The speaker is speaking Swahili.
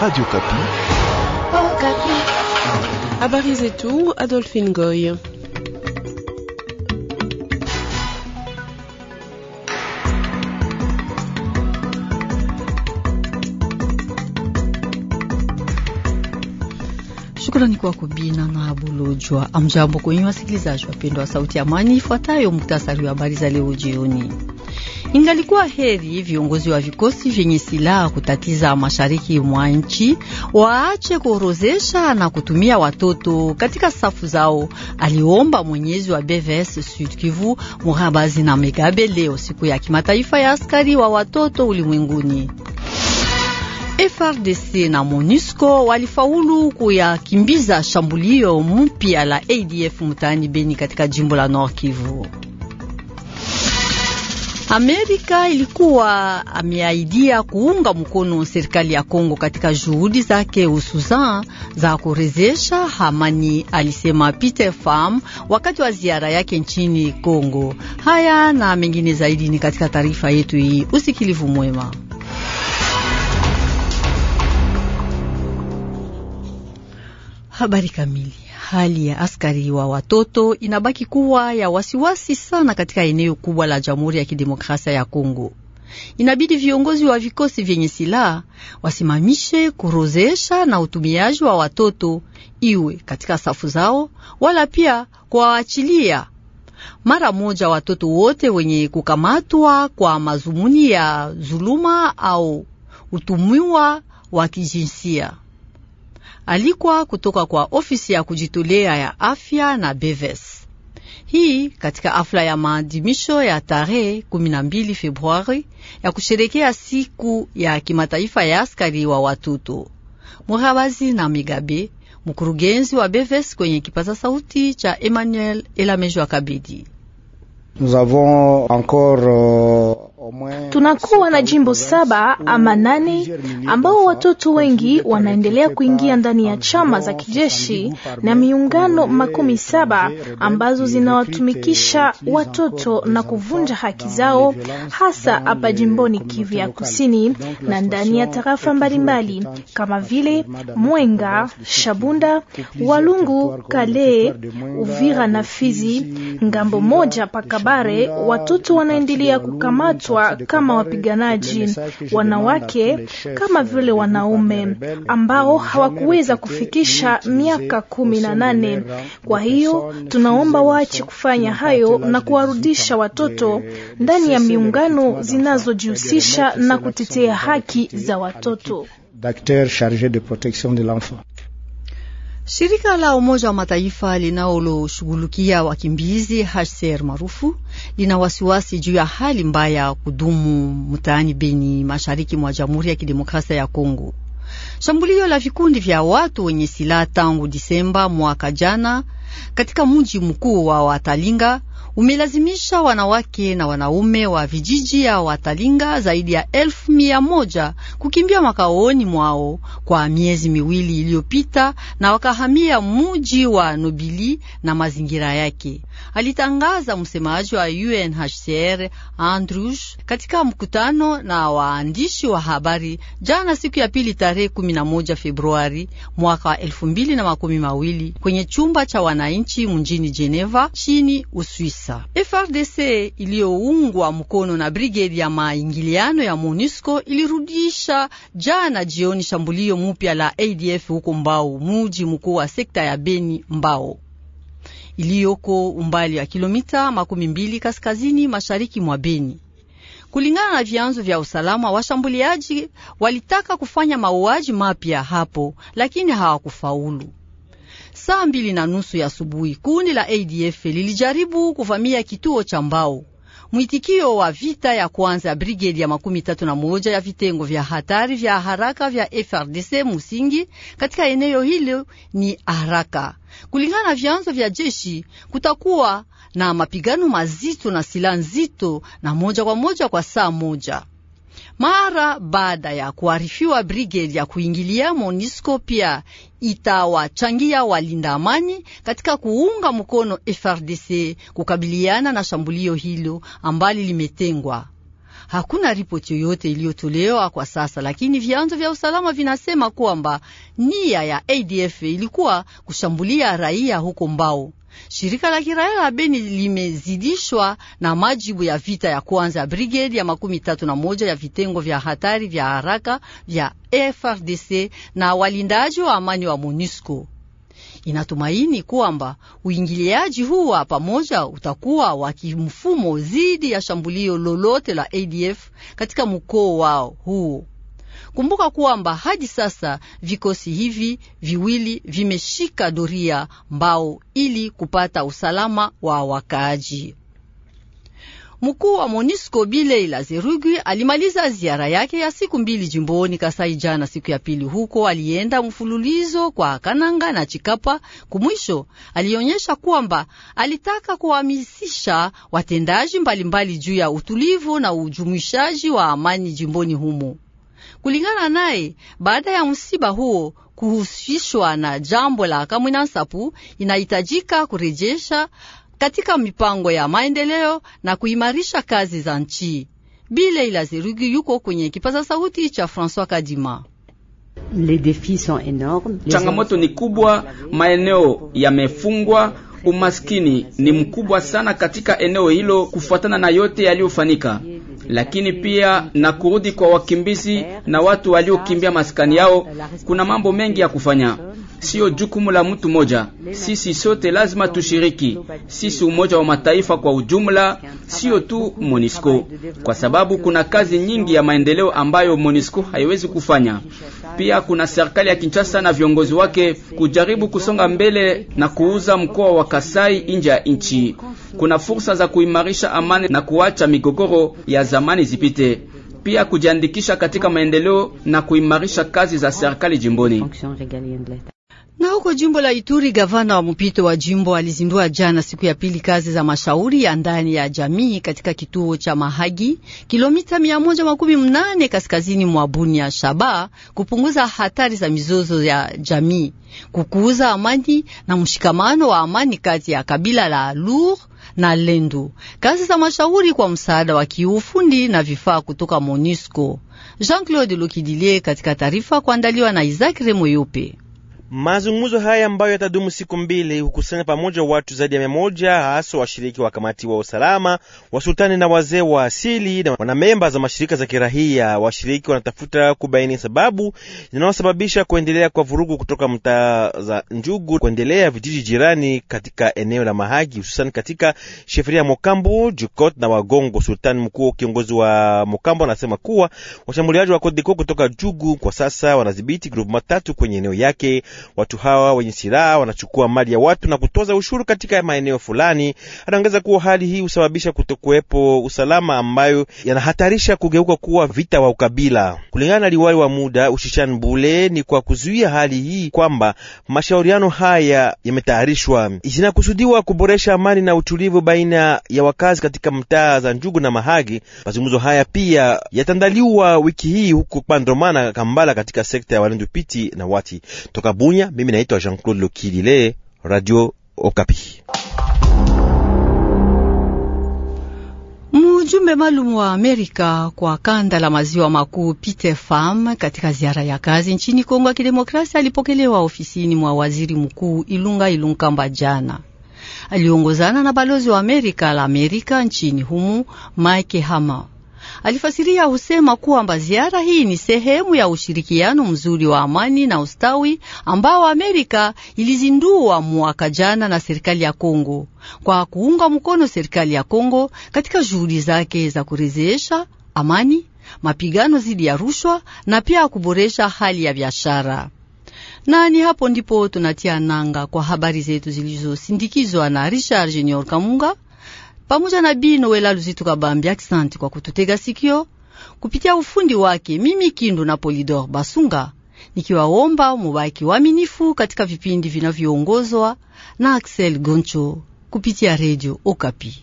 Radio Kapi. Oh, Kapi. Habari zetu, Adolphine Goy. Shukrani kwa kubina na Abulojwa. Amjambo kwenye wasikilizaji wapendwa wa Sauti ya Amani. Ifuatayo muktasari wa habari za leo jioni. Ingalikuwa heri viongozi wa vikosi vyenye silaha kutatiza mashariki mwa nchi waache kuorozesha na kutumia watoto katika safu zao, aliomba mwenyezi wa BVS Sud Kivu Murabazi na Megabe leo siku ya kimataifa ya askari wa watoto ulimwenguni. FRDC na MONUSCO walifaulu kuyakimbiza shambulio mpya la ADF mtaani Beni katika jimbo la Nord Kivu. Amerika ilikuwa ameahidia kuunga mkono serikali ya Kongo katika juhudi zake hususan za kurejesha amani, alisema Peter Pham wakati wa ziara yake nchini Kongo. Haya na mengine zaidi ni katika taarifa yetu hii. Usikilivu mwema. Habari kamili. Hali ya askari wa watoto inabaki kuwa ya wasiwasi sana katika eneo kubwa la Jamhuri ya Kidemokrasia ya Kongo. Inabidi viongozi wa vikosi vyenye silaha wasimamishe kurozesha na utumiaji wa watoto iwe katika safu zao, wala pia kuwaachilia mara moja watoto wote wenye kukamatwa kwa mazumuni ya zuluma au utumiwa wa kijinsia alikwa kutoka kwa ofisi ya kujitolea ya afya na Beves. Hii katika afla ya maadhimisho ya tarehe 12 Februari ya kusherekea siku ya kimataifa ya askari wa watoto. Murabazi na Migabe, mkurugenzi wa Beves, kwenye kipaza sauti cha Emmanuel Elamejwa kabidi Nous avons encore euh, tunakuwa na jimbo saba ama nane ambao watoto wengi wanaendelea kuingia ndani ya chama za kijeshi na miungano makumi saba ambazo zinawatumikisha watoto na kuvunja haki zao, hasa hapa jimboni Kivu ya Kusini na ndani ya tarafa mbalimbali kama vile Mwenga, Shabunda, Walungu, Kale, Uvira na Fizi. Ngambo moja pa Kabare, watoto wanaendelea kukamatwa wa kama wapiganaji wanawake kama vile wanaume ambao hawakuweza kufikisha miaka kumi na nane. Kwa hiyo tunaomba waache kufanya hayo na kuwarudisha watoto ndani ya miungano zinazojihusisha na kutetea haki za watoto. Shirika la Umoja wa Mataifa linaloshughulikia wakimbizi HCR maarufu lina wasiwasi juu ya hali mbaya ya kudumu mtaani Beni, mashariki mwa Jamhuri ya Kidemokrasia ya Kongo. Shambulio la vikundi vya watu wenye silaha tangu Disemba mwaka jana katika mji mkuu wa Watalinga umelazimisha wanawake na wanaume wa vijiji ya Watalinga zaidi ya elfu mia moja kukimbia makaoni mwao kwa miezi miwili iliyopita na wakahamia muji wa Nobili na mazingira yake, alitangaza msemaji wa UNHCR Andrus katika mkutano na waandishi wa habari jana siku ya pili tarehe 11 Februari mwaka wa mawili kwenye chumba cha wananchi mjini Geneva chini Uswisi. Kinshasa. FRDC iliyoungwa mkono na brigedi ya maingiliano ya MONUSCO ilirudisha jana jioni shambulio mupya la ADF huko Mbao, muji mkuu wa sekta ya Beni Mbao iliyoko umbali wa kilomita makumi mbili kaskazini mashariki mwa Beni. Kulingana na vyanzo vya usalama, washambuliaji walitaka kufanya mauaji mapya hapo, lakini hawakufaulu saa mbili na nusu ya asubuhi, kundi la ADF lilijaribu kuvamia kituo cha mbao. Mwitikio wa vita ya kwanza ya brigedi ya makumi tatu na moja ya vitengo vya hatari vya haraka vya FRDC Musingi katika eneo hilo ni haraka. Kulingana na vyanzo vya jeshi, kutakuwa na mapigano mazito na silaha nzito na moja kwa moja kwa saa moja mara baada ya kuarifiwa brigedi ya kuingilia MONUSCO pia itawachangia walinda amani katika kuunga mkono FRDC kukabiliana na shambulio hilo ambali limetengwa. Hakuna ripoti yoyote iliyotolewa kwa sasa, lakini vyanzo vya usalama vinasema kwamba nia ya ADF ilikuwa kushambulia raia huko Mbao. Shirika la kiraia la Beni limezidishwa na majibu ya vita ya kwanza ya brigedi ya makumi tatu na moja ya vitengo vya hatari vya haraka vya FRDC na walindaji wa amani wa MONUSCO. Inatumaini kwamba uingiliaji huu wa pamoja utakuwa wa kimfumo dhidi ya shambulio lolote la ADF katika mkoa wao huo. Kumbuka kwamba hadi sasa vikosi hivi viwili vimeshika doria mbao ili kupata usalama wa wakaaji. Mkuu wa Monisco bilei Zerugi alimaliza ziara yake ya siku mbili jimboni Kasai jana siku ya pili. Huko alienda mfululizo kwa Kananga na Chikapa. Kumwisho alionyesha kwamba alitaka kuhamasisha watendaji mbalimbali juu ya utulivu na ujumuishaji wa amani jimboni humo. Kulingana naye, baada ya msiba huo kuhusishwa na jambo la Kamwina Nsapu, inahitajika kurejesha katika mipango ya maendeleo na kuimarisha kazi za nchi. Bile Ilazirugi yuko kwenye kipaza sauti cha François Kadima. Changamoto ni kubwa, maeneo yamefungwa, umaskini ni mkubwa sana katika eneo hilo, kufuatana na yote yaliyofanyika lakini pia na kurudi kwa wakimbizi na watu waliokimbia maskani yao. Kuna mambo mengi ya kufanya siyo jukumu la mtu moja. Sisi sote lazima tushiriki, sisi Umoja wa Mataifa kwa ujumla, siyo tu MONUSCO, kwa sababu kuna kazi nyingi ya maendeleo ambayo MONUSCO haiwezi kufanya. Pia kuna serikali ya Kinshasa na viongozi wake kujaribu kusonga mbele na kuuza mkoa wa Kasai nje ya nchi. Kuna fursa za kuimarisha amani na kuacha migogoro ya zamani zipite pia kujiandikisha katika maendeleo na kuimarisha kazi za serikali jimboni. Na huko jimbo la Ituri, gavana wa mpito wa jimbo alizindua jana siku ya pili kazi za mashauri ya ndani ya jamii katika kituo cha Mahagi, kilomita mia moja makumi mnane kaskazini mwa Bunia Shaba, kupunguza hatari za mizozo ya jamii, kukuza amani na mshikamano wa amani kati ya kabila la Lur na Lendu. Kazi za mashauri kwa msaada wa kiufundi na vifaa kutoka MONUSCO. Jean-Claude Lukidilie katika taarifa kuandaliwa na Isaac Remoyope. Mazungumzo haya ambayo yatadumu siku mbili hukusanya pamoja watu zaidi ya mia moja hasa washiriki wa kamati wa usalama, wasultani na wazee wa asili na wanamemba za mashirika za kirahia. Washiriki wanatafuta kubaini sababu zinazosababisha kuendelea kwa vurugu kutoka mtaa za Njugu kuendelea vijiji jirani katika eneo la Mahagi, hususan katika sheferia ya Mokambo, Jukot na Wagongo. Sultani mkuu kiongozi wa Mokambo anasema kuwa washambuliaji wa Kodeko kutoka Jugu kwa sasa wanadhibiti grupu matatu kwenye eneo yake. Watu hawa wenye silaha wanachukua mali ya watu na kutoza ushuru katika maeneo fulani. Anaongeza kuwa hali hii husababisha kutokuwepo usalama ambayo yanahatarisha kugeuka kuwa vita wa ukabila. Kulingana na liwali wa muda Ushishan Bule, ni kwa kuzuia hali hii kwamba mashauriano haya yametayarishwa. Zinakusudiwa kuboresha amani na utulivu baina ya wakazi katika mtaa za Njugu na Mahagi. Mazungumzo haya pia yatandaliwa wiki hii huko Pandomana, Kambala, katika sekta ya walendupiti na Wati toka Munya. Mimi naitwa Jean Claude Lokidile, Radio Okapi. Mjumbe maalum wa Amerika kwa kanda la maziwa makuu Peter Pham katika ziara ya kazi nchini Kongo ya Kidemokrasia alipokelewa ofisini mwa waziri mkuu Ilunga Ilunkamba jana. Aliongozana na balozi wa Amerika la Amerika nchini humu Mike Hammer. Alifasiria husema kwamba ziara hii ni sehemu ya ushirikiano mzuri wa amani na ustawi ambao Amerika ilizindua mwaka jana na serikali ya Kongo kwa kuunga mkono serikali ya Kongo katika juhudi zake za kurejesha amani, mapigano dhidi ya rushwa na pia kuboresha hali ya biashara. Na ni hapo ndipo tunatia nanga kwa habari zetu zilizosindikizwa na Richard Junior Kamunga pamoja na bino Wela Luzituka Bambi. aksanti kwa kututega sikio kupitia ufundi wake. Mimi Kindu na Polidor Basunga nikiwaomba mubaki minifu katika vipindi vinavyoongozwa na Axel Goncho kupitia Redio Okapi.